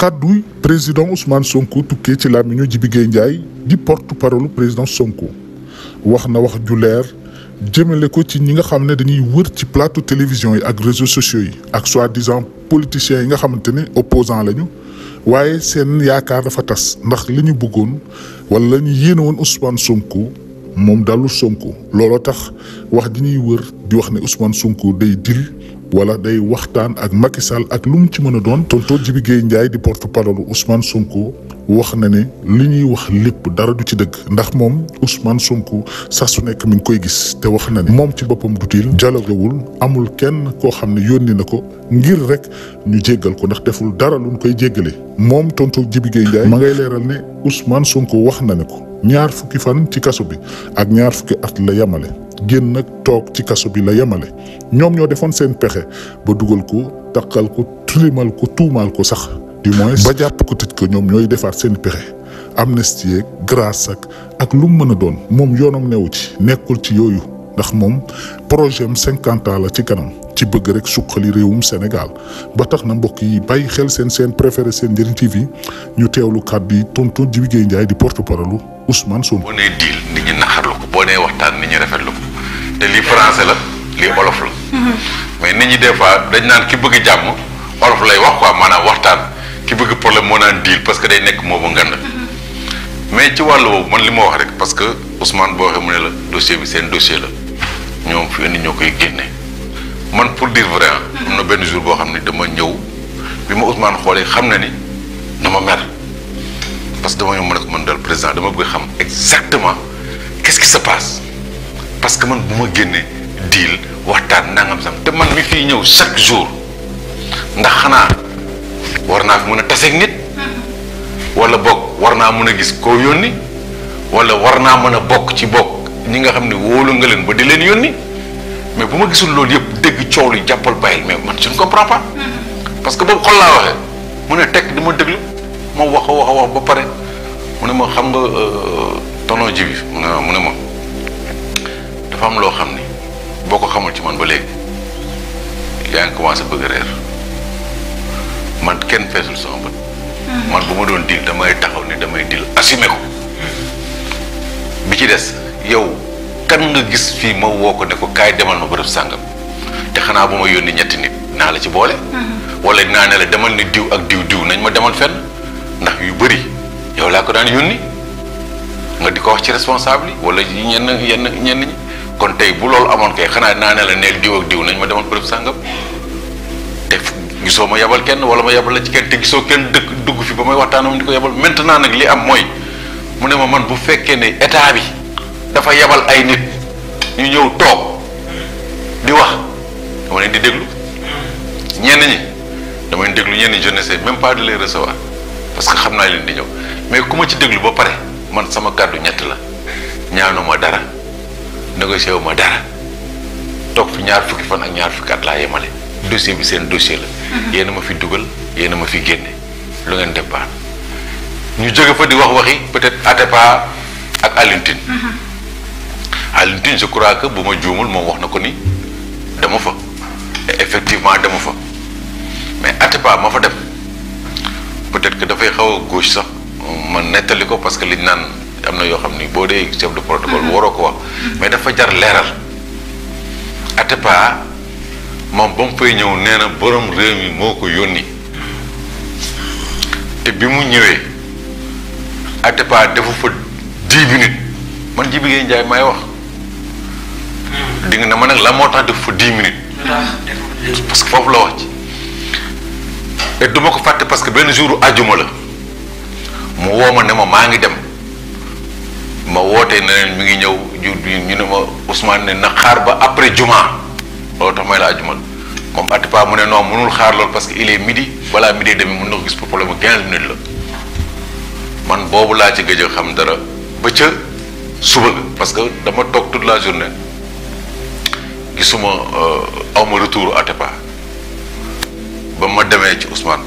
kàdduy président Ousmane Sonko tukkee ci làmmiñu Jibi Gueye Ndiaye di porte parole président Sonko wax na wax ju leer jëmale ko ci ñi nga xam ne dañuy wër ci plateau télévision yi ak réseaux sociaux yi ak soi-disant politiciens yi nga xamante ne opposant lañu waaye seen yaakaar dafa tas ndax li ñu bëggoon wala la ñu yéene woon Ousmane Sonko moom dalul Sonko looloo tax wax di ñuy wër di wax ne Ousmane Sonko day dil wala day waxtaan ak Macky Sall ak lu mu ci mën a doon. tonton Djibi Gueye Ndiaye di porte parole Ousmane sunk wax na ne li ñuy wax lépp dara du ci dëgg ndax moom Ousmane sunk saa su nekk mu ngi koy gis te wax na ne. moom ci boppam du tiil amul kenn koo xam ne yónni na ko ngir rek ñu jéggal ko ndax deful dara luñ koy jéggale moom tonton Djibi Gueye Ndiaye. ma ngay leeral ne Ousmane sunk wax na ne ko ñaar fukki fan ci kaso bi ak ñaar fukki at la yemale. génn nag toog ci kaso bi la yemale ñoom ñoo defoon seen pexe ba dugal ko takkal ko tilimal ko tuumaal ko sax du moins ba jàpp ko tëj ko ñoom ñooy defaat seen pexe amnestie grâce ak ak lu mën a doon moom yoonam newu ci nekkul ci yooyu ndax moom projet am cinquante ans la ci kanam ci bëgg rek suqali réewum sénégal ba tax na mbokk yi bàyyi xel seen seen préféré seen njëriñ tv ñu teewlu kàddu yi tonton jibi njaay di porte parole ousmane sonko te li français la li wolof la mhm. mais nit ñi des fois dañ naan ki bëgg jàmm wolof lay wax quoi maanaam waxtaan ki bëgg problème moo naan deal parce que day nekk moo ba ngand mhm. mais ci wàllu woowu man li ma wax rek parce que Ousmane boo xam ne la dossier bi seen dossier la ñoom fi indi ñoo koy génne man pour dire vrai ah, mhm. am na benn jour boo xam ne dama ñëw bi ma Ousmane xoolee xam na ni dama mer parce que dama ñëw ma ne ko man dal président dama bëgg xam exactement qu'est-ce qui se passe parce que man bu ma génnee diil waxtaan nangam sam te man mi fii ñëw chaque jour ndax xanaa war naa fi mën a taseeg nit wala bokk war naa mën a gis koo yónni wala war naa mën a bokk ci bokk ñi nga xam ne wóolu nga leen ba di leen yónni mais bu ma gisul loolu yëpp dégg coow lu jàppal bàyyil mais man je ko comprends parce que boobu xol laa waxee mu ne tekk di ma déglu ma wax a wax a wax ba pare mu ne ma xam nga euh, tonton ji bi mu ne ma dafa loo xam ni boo ko xamul ci man ba léegi yaa ngi commencé bëgg réer man kenn feesul sama bët hmm. man bu ma doon dil damay taxaw ni damay dil assumé ko bi ci des yow kan nga gis fii ma woo ko ne ko kaay demal ma bërëb sàngam te xanaa bu ma yónni ñetti nit naa la ci boole hmm. wala naa ne la demal ne diw ak diw diw nañ ma demal fenn ndax yu bari yow laa ko daan yónni nga di ko wax ci responsable yi wala yenn yenn ñenn kon tey bu loolu amoon kay xanaa naa ne la neel diw ak diw nañ ma demoon bërëb sàngam te gisoo ma yabal kenn wala ma yabal la ci kenn te gisoo kenn dëkk dugg fi ba may waxtaan waxtaanam di ko yabal maintenant nag li am mooy mu ne ma man bu fekkee ne état bi dafa yabal ay nit ñu ñëw toog di wax dama leen di déglu ñenn ñi dama leen déglu ñenn ñi je ne même pas de les recevoir parce que xam naa leen di ñëw mais ku ma ci déglu ba pare man sama kàddu ñett la ñaanuma dara. négocier wu ma dara toog fi ñaar fukki fan ak ñaar fukki at laa yemale dossier bi seen dossier la yéen ma fi dugal yéen ma fi génne lu ngeen def baax ñu jóge fa di wax waxi peut-être Atepa ak Alintine Alintine je crois que bu ma juumul moom wax na ko ni dama fa effectivement dama fa mais Atepa ma fa dem peut-être que dafay xaw a gauche sax ma nettali ko parce que liñ naan am na yoo xam ni boo dee chef de protocole mm-hmm. waroo ko wax mm-hmm. mais dafa jar leeral Atépa moom ba mu fay ñëw nee na borom réew mi moo ko yónni mm-hmm. te bi mu ñëwee Atépa defu fa dix minutes man Jibi Gueye Ndiaye may wax dinga na man ma nag la moo tax defu fa dix minutes parce que foofu la wax ci duma ko fàtte parce que benn jour ajuma la mu woo ne ma maa ngi dem ma wootee ne leen mi ngi ñëw ñu ne ma Ousmane ne na xaar ba après juma loolu tax may la ajuma moom Atepa mu ne non mënul xaar loolu parce que il est midi balaa midi demi mën na ko gis pour problème mu boobu laa ci gëj a dara ba ca suba parce que dama toog toute la journée gisuma euh, awma retour Atepa ba ma demee ci Ousmane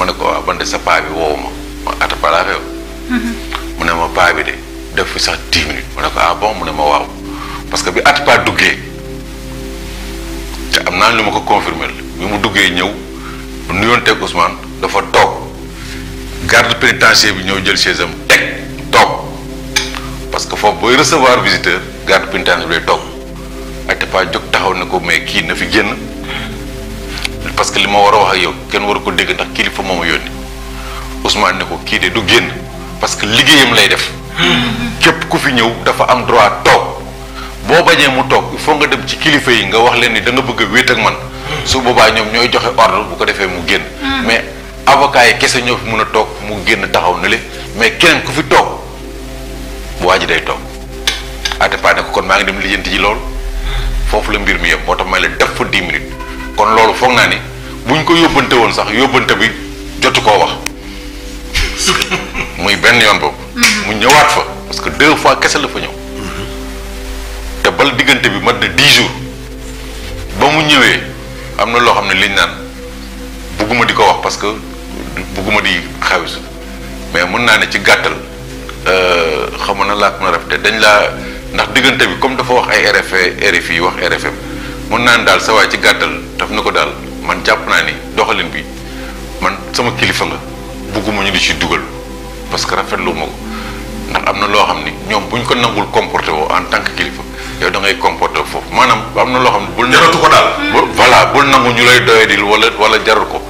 ne ko bi woowu mu ne ma paa bi de. def fi sax dix minutes ma ne ko ah mu ne ma waaw parce que bi Atepa duggee te am naa lu ma ko confirmer bi mu duggee ñëw bu nuyoon teg dafa toog garde pénitentiaire bi ñëw jël chaise am teg toog parce que foofu booy recevoir visiteur garde pénitentiaire bi lay toog Atepa jóg taxaw na ko mais kii na fi génn parce que li ma war a wax a yow kenn war ko dégg ndax kilifa moom a yónni Ousmane ne ko kii de du génn parce que liggéeyam lay def. képp ku fi ñëw dafa am droit toog boo bañee mu toog il faut nga dem ci kilifa yi nga wax leen ni da nga bëgg a wéet ak man su boobaa ñoom ñooy joxe ordre bu ko defee mu génn hmm. mais avocat yi kese ñoo fi mën a toog mu génn taxaw na le mais keneen ku fi toog waa ji day toog ate paa ne ko kon maa ngi dem lijjanti ji jilol. foofu la mbir mi yem moo tax may la def minutes kon loolu foog naa ni buñ ko yóbbante woon sax yóbbante bi jotu koo wax muy benn yoon boobu mu ñëwaat fa parce que deux fois kese la fa ñëw te bal diggante bi mat na dix jours ba mu ñëwee am na loo xam ne liñ naan bugguma di ko wax parce que bugguma di xawis mais mën naa ne ci gàttal euh, xamoon na laa mën a def te dañ laa ndax diggante bi comme dafa wax ay RFA RFI wax RFM mun naa ne daal sa waay ci gàttal daf na ko daal man jàpp naa ni doxalin bi man sama kilifa nga bugguma ñu di ci dugal parce que rafetlu ma ko ndax am na loo xam ni ñoom bu ñu ko nangul comporté woo en tant que kilifa yow da ngay comporté foofu maanaam am na loo xam ne bul jaratu ko daal voilà bul nangu ñu lay doyadil wala wala jarul ko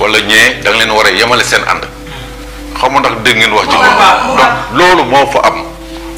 wala ñee da leen war a yemale seen ànd xam nga ndax dégg ngeen wax ci loolu moo fa am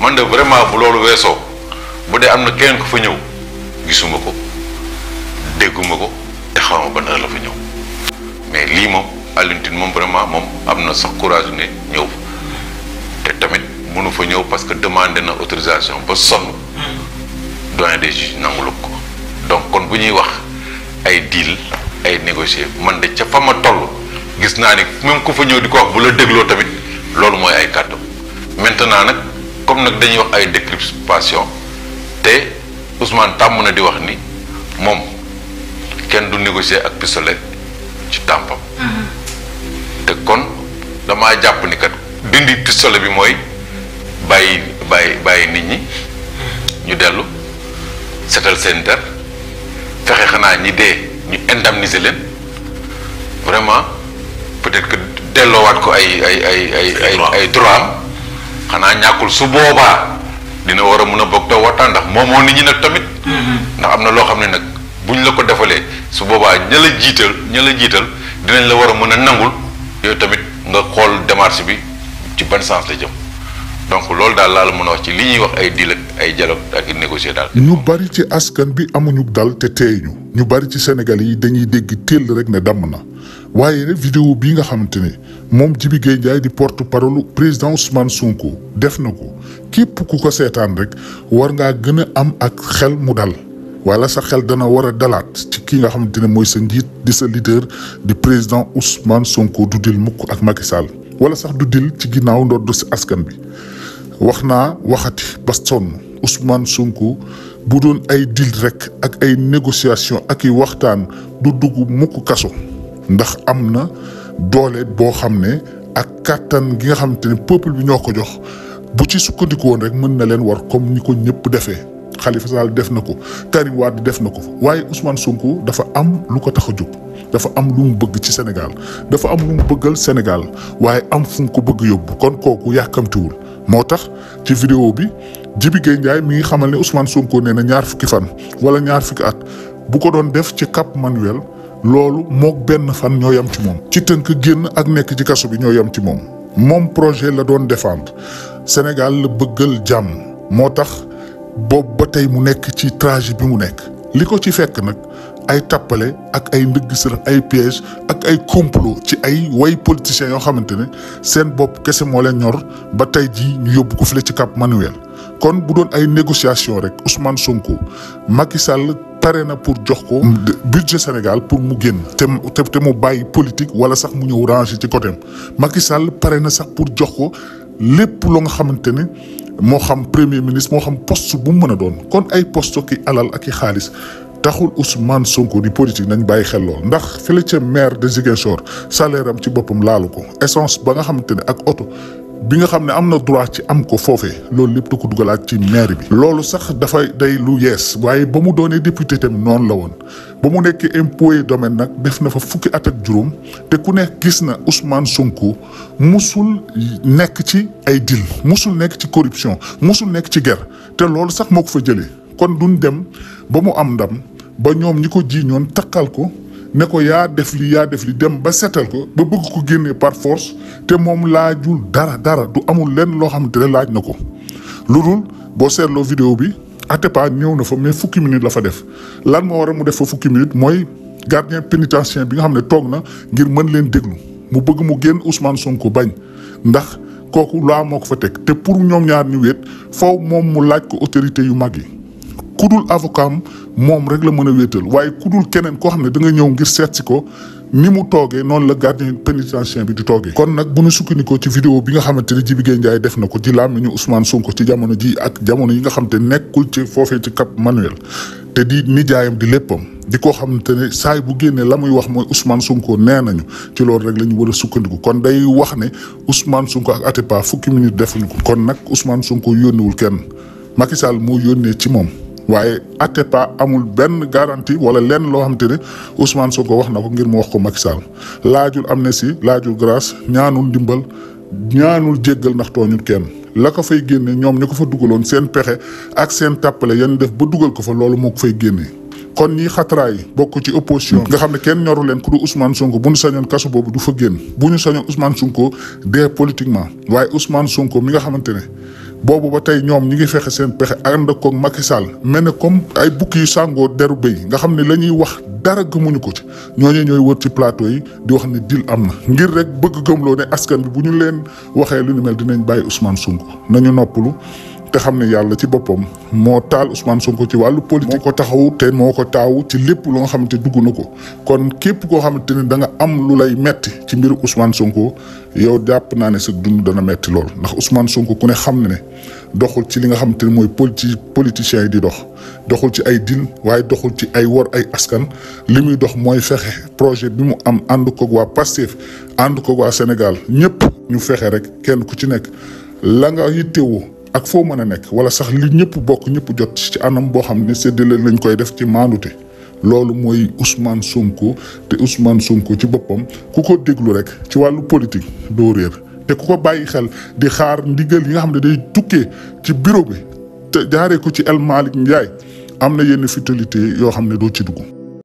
man de vraiment bu loolu weesoo bu dee am na keneen ko fa ñëw gisuma ko dégguma ko te xawma ban heure la fa ñëw mais lii moom Alioune moom vraiment moom am na sax courage ne ñëw te mënu fa ñëw parce que demande na autorisation ba sonn doyen des juges nangulu ko donc kon bu ñuy wax ay deal ay négocier man de ca fa ma toll gis naa ni même ko fa ñëw di ko wax bu la dégloo tamit loolu mooy ay kàddu maintenant nag comme nag dañuy wax ay décryptation te Ousmane tàmm na di wax ni moom kenn du négocier ak pistolet ci tàmpam mm-hmm. te kon dama jàpp ni kat dindi pistolet bi mooy bàyyi bàyyi bàyyi nit ñi ñu dellu setal seen der fexe xanaa ñi dee ñu indemniser leen vraiment peut-être delloowaat ko ay ay ay ay ay ay droit xanaa ñàkkul su boobaa dina war a mën a bokk taw waxtaan ndax moomoo nit ñi nag tamit mm-hmm. ndax am na loo xam ne nag bu ñu la ko defalee su boobaa ña la jiital ña la jiital dinañ la war a mën a nangul yooyu tamit nga xool démarche bi ci ban sens la jëm donc loolu daal laa la mën a wax ci li wax ay deal ak ay dialogue ak négocier daal. ñu bari ci askan bi amuñu dal te teeyuñu ñu bari ci Sénégal yi dañuy dégg téel rek ne damm na waaye vidéo bii nga xamante ne moom Djiby Gueye Ndiaye di porte parole président Ousmane Sonko def na ko képp ku ko seetaan rek war ngaa gën a am ak xel mu dal. wala sax xel dana war a dalaat ci ki nga xamante ne mooy sa njiit di sa leader di président Ousmane Sonko du dil mukk ak Macky Sall wala sax du dil ci ginnaaw ndodd si askan bi. wax naa waxati ba sonn Ousmane bu doon ay deal rek ak ay négociation aki waxtaan du dugg mukk kaso ndax am na doole boo xam ne ak kàttan gi nga xamante ne peuple bi ñoo ko jox bu ci sukkandiku woon rek mën na leen war comme ni ko ñëpp defee Khalifa Sall def na ko Karim Wade def na ko waaye Ousmane Sonko dafa am lu ko tax a jóg dafa am lu mu bëgg ci Sénégal dafa am lu mu bëggal Sénégal waaye am fu mu ko bëgg yóbbu kon kooku yàkkamtiwul moo tax ci vidéo bi Jibi Gueye Ndiaye mi ngi xamal ne Ousmane Sonko nee na ñaar fukki fan wala ñaar fukki at bu ko doon def ci Cap Manuel loolu moog benn fan ñoo yam ci moom. ci tënk génn ak nekk ci kaso bi ñoo yam ci moom moom projet la doon défendre Sénégal la bëggal jàmm moo tax boobu ba tey mu nekk ci trajet bi mu nekk li ko ci fekk nag. ay tappale ak ay mbëgg sërëx ay piège ak ay complot ci ay way politiciens yoo xamante ne seen bopp kese moo leen ñor ba tey ji ñu yóbbu ko fële ci Cap Manuel. kon bu doon ay négociation rek Ousmane Sonko Macky Sall pare na pour jox ko. budget Sénégal pour mu génn. te te te mu bàyyi politique wala sax mu ñëw ranger ci côté am Sall pare na sax pour jox ko lépp loo nga xamante ne. moo xam premier ministre moo xam post bu mu mën a doon kon ay poste ki alal ak i xaalis taxul Ousmane Sonko di politique nañ bàyyi xel ndax fële ca maire de Ziguinchor salaire am ci boppam laalu ko essence ba nga xamante ne ak oto bi nga xam ne am na droit ci am ko foofee loolu lépp da ko dugalaat ci maire bi. loolu sax dafay day lu yees waaye ba mu doonee député tam noonu la woon ba mu nekk impôt domaine nag def na fa fukki at ak juróom te ku nekk gis na Ousmane Sonko musul nekk ci ay deal mosul nekk ci corruption mosul nekk ci ger te loolu sax moo ko fa jëlee kon duñ dem ba mu am ndam. ba ñoom ñi ko jiiñoon takkal ko ne ko yaa def li yaa def li dem ba seetal ko ba bëgg ko génnee par force te moom laajul dara dara du amul lenn loo xamante ne laaj na ko lu dul boo seetloo video bi Atepa ñëw na fa mais fukki minute la fa def lan moo a mu def fa fukki minute mooy gardien pénitentiaire bi nga xam ne toog na ngir mën leen déglu mu bëgg mu génn son ko bañ ndax kooku laa moo ko fa teg te pour ñoom ñaar ñu wéet faw moom mu laaj ko autorité yu mag yi. kudul avocat moom rek la mën a wéetal waaye kudul keneen koo xam ne da nga ñëw ngir seet ko ni mu toogee noonu la gardien pénitentiaire bi di toogee. kon nag bu ñu sukkandikoo ci vidéo bi nga xamante ne Jibi Gueye Ndiaye def na ko ci làmmiñu Ousmane Sonko ci jamono ji ak jamono yi nga xam te nekkul ci foofee ci Cap Manuel te di nijaayam di léppam di ko xamante ne saay bu génnee la muy wax mooy Ousmane Sonko nee nañu ci loolu rek la war a sukkandiku kon day wax ne Ousmane Sonko ak Atepa fukki minute defuñu ko. kon nag Ousmane Sonko yónniwul kenn Macky Sall moo yónnee ci moom. waaye Atepa amul benn garantie wala lenn loo xamante ne Ousmane Sonko wax na ko ngir mu wax ko Macky Sall laajul amnistie laajul grâce ñaanul ndimbal ñaanul jéggal ndax tooñul kenn la ko fay génne ñoom ñu ko fa dugaloon seen pexe ak seen tàppale yan def ba dugal ko fa loolu moo fay génnee. kon ñii xataraay bokk ci opposition nga xam ne kenn ñoru leen ku du Ousmane Sonko bu ñu sañoon kaso boobu du fa génn bu ñu sañoon Ousmane Sonko dee politiquement waaye Ousmane Sonko mi nga xamante ne. boobu ba tey ñoom ñu ngi fexe seen pexe ànd koog Macky Sall mel ne comme ay bukki yu sàngoo deru béy nga xam ne la ñuy wax dara gëmuñu ko ci ñooñu ñooy wër ci plateau yi di wax ne dil am na ngir rek bëgg gëmloo ne askan bi bu ñu leen waxee lu ñu mel dinañ bàyyi Ousmane Sonko nañu noppalu te xam ne yàlla ci boppam moo taal Ousmane Sonko ci wàllu politique. moo ko taxawu te moo ko taawu ci lépp lu nga xamante dugg na ko kon képp koo xamante ne da nga am lu lay metti ci mbiru Ousmane Sonko yow jàpp naa ne sa dund dana metti lool ndax Ousmane Sonko ku ne xam ne doxul ci li nga xamante ne mooy politi politiciens yi di dox doxul ci ay dil waaye doxul ci ay wor ay askan li muy dox mooy fexe projet bi mu am ànd ko waa Pastef ànd ko waa Sénégal ñëpp ñu fexe rek kenn ku ci nekk la ak foo mën a nekk wala sax li ñëpp bokk ñëpp jot ci anam boo xam ne séddale lañ koy def ci maandute loolu mooy Ousmane Sonko te Ousmane Sonko ci boppam ku ko déglu rek ci wàllu politique doo réer te ku ko bàyyi xel di xaar ndigal yi nga xam ne day tukkee ci bureau bi te jaaree ko ci El Malick Ndiaye am na yenn futilités yoo xam ne doo ci dugg.